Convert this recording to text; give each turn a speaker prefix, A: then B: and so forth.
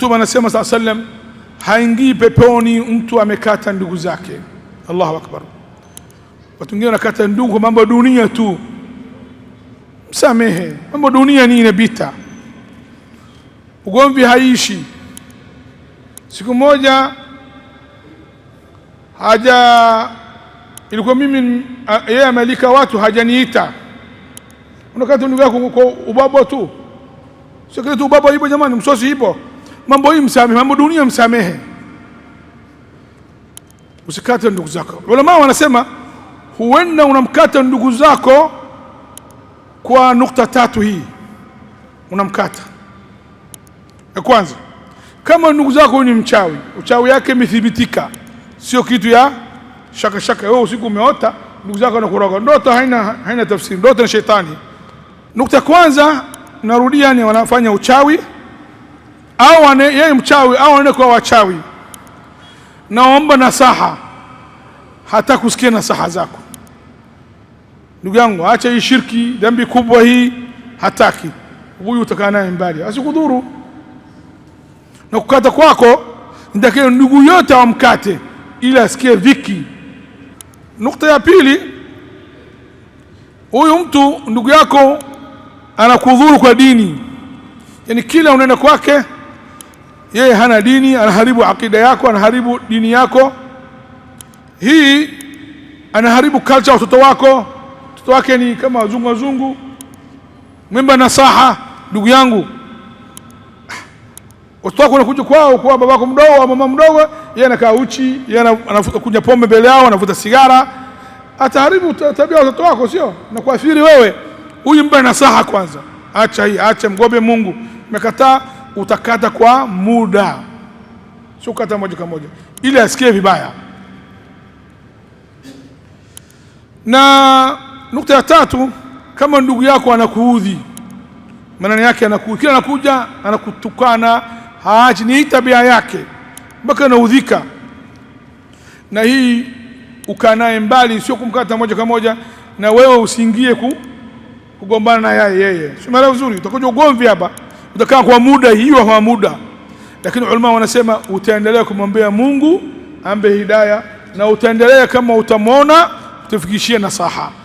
A: Mtume anasema saa sallam, haingii peponi mtu amekata ndugu zake. Allahu akbar! Watu wengine wanakata ndugu kwa mambo dunia tu, msamehe. Mambo dunia ni inapita, ugomvi haishi. Siku moja haja, ilikuwa mimi yeye amealika watu, hajaniita. Unakata ndugu yako kwa ubaba tu, sio kile tu ubaba ipo jamani, msosi ipo mambo hii msamehe, mambo dunia msamehe, usikate ndugu zako. ulamaa wanasema huenda unamkata ndugu zako kwa nukta tatu. Hii unamkata ya kwanza, kama ndugu zako ni mchawi, uchawi yake imethibitika, sio kitu ya shaka shaka. Wewe usiku umeota ndugu zako anakuraga, ndoto haina, haina tafsiri, ndoto na shetani. Nukta kwanza, narudia, ni wanafanya uchawi au yeye mchawi au anaenda kwa wachawi, naomba nasaha, hata kusikia nasaha zako. Ndugu yangu, acha hii shirki, dhambi kubwa hii, hataki huyu, utakaa naye mbali, asikudhuru na kukata kwako. Nitakia ndugu yote awamkate ili asikie dhiki. Nukta ya pili, huyu mtu ndugu yako anakudhuru kwa dini, yani kila unaenda kwake yeye hana dini, anaharibu akida yako, anaharibu dini yako, hii anaharibu culture watoto wako. Watoto wake ni kama wazungu wazungu. Mwimba nasaha, ndugu yangu, watoto wako wanakuja kwao kwa babako mdogo au mama mdogo, yeye anakaa uchi, yeye anavuta pombe mbele yao, anavuta sigara, ataharibu tabia watoto wako, sio na kuathiri wewe. Huyu mpe nasaha kwanza, acha hii, acha mgobe Mungu, mekataa utakata kwa muda, sio kata moja kwa moja, ili asikie vibaya. Na nukta ya tatu, kama ndugu yako anakuudhi, maneno yake anakuudhi, kila anakuja anakutukana, haachi, ni tabia yake mpaka anaudhika. Na hii ukaa naye mbali, sio kumkata moja kwa moja, na wewe usiingie ku kugombana na yeye yeye, simaelewa vizuri, utakuja ugomvi hapa utakaa kwa muda hiyo kwa muda, lakini ulama wanasema utaendelea kumwambia Mungu ambe hidayah, na utaendelea kama utamwona, utafikishia nasaha.